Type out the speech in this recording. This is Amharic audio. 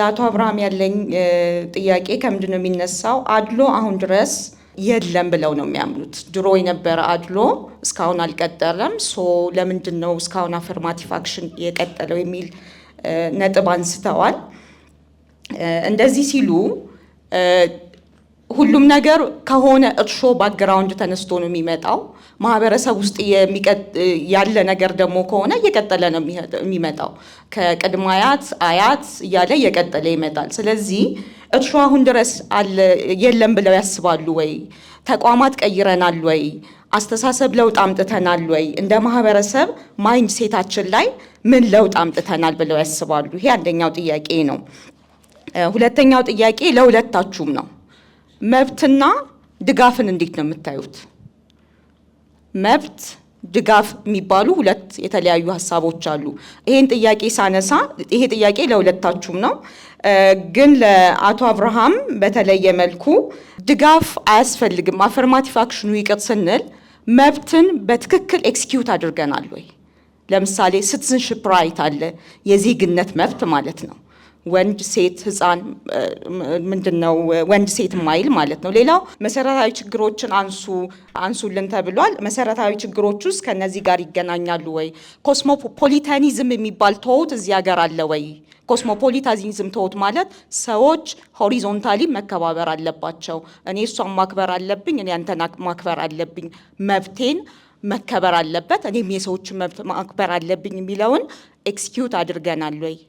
ለአቶ አብርሃም ያለኝ ጥያቄ ከምንድን ነው የሚነሳው? አድሎ አሁን ድረስ የለም ብለው ነው የሚያምኑት። ድሮ የነበረ አድሎ እስካሁን አልቀጠለም፣ ሶ ለምንድን ነው እስካሁን አፈርማቲቭ አክሽን የቀጠለው የሚል ነጥብ አንስተዋል። እንደዚህ ሲሉ ሁሉም ነገር ከሆነ እርሾ ባክግራውንድ ተነስቶ ነው የሚመጣው። ማህበረሰብ ውስጥ ያለ ነገር ደግሞ ከሆነ እየቀጠለ ነው የሚመጣው። ከቅድመ አያት አያት እያለ እየቀጠለ ይመጣል። ስለዚህ እርሾ አሁን ድረስ አለ የለም ብለው ያስባሉ ወይ? ተቋማት ቀይረናል ወይ? አስተሳሰብ ለውጥ አምጥተናል ወይ? እንደ ማህበረሰብ ማይንድ ሴታችን ላይ ምን ለውጥ አምጥተናል ብለው ያስባሉ? ይሄ አንደኛው ጥያቄ ነው። ሁለተኛው ጥያቄ ለሁለታችሁም ነው። መብትና ድጋፍን እንዴት ነው የምታዩት? መብት ድጋፍ የሚባሉ ሁለት የተለያዩ ሀሳቦች አሉ። ይሄን ጥያቄ ሳነሳ ይሄ ጥያቄ ለሁለታችሁም ነው፣ ግን ለአቶ አብርሃም በተለየ መልኩ ድጋፍ አያስፈልግም አፈርማቲቭ አክሽኑ ይቅር ስንል መብትን በትክክል ኤክስኪዩት አድርገናል ወይ? ለምሳሌ ሲቲዝንሺፕ ራይት አለ የዜግነት መብት ማለት ነው። ወንድ ሴት ህፃን ምንድን ነው ወንድ ሴት ማይል ማለት ነው። ሌላው መሰረታዊ ችግሮችን አንሱ አንሱልን ተብሏል። መሰረታዊ ችግሮች ውስጥ ከነዚህ ጋር ይገናኛሉ ወይ? ኮስሞፖሊታኒዝም የሚባል ተውት እዚህ ሀገር አለ ወይ? ኮስሞፖሊታኒዝም ተውት ማለት ሰዎች ሆሪዞንታሊ መከባበር አለባቸው። እኔ እሷን ማክበር አለብኝ፣ እኔ አንተን ማክበር አለብኝ፣ መብቴን መከበር አለበት፣ እኔም የሰዎችን መብት ማክበር አለብኝ የሚለውን ኤክስኪዩት አድርገናል ወይ?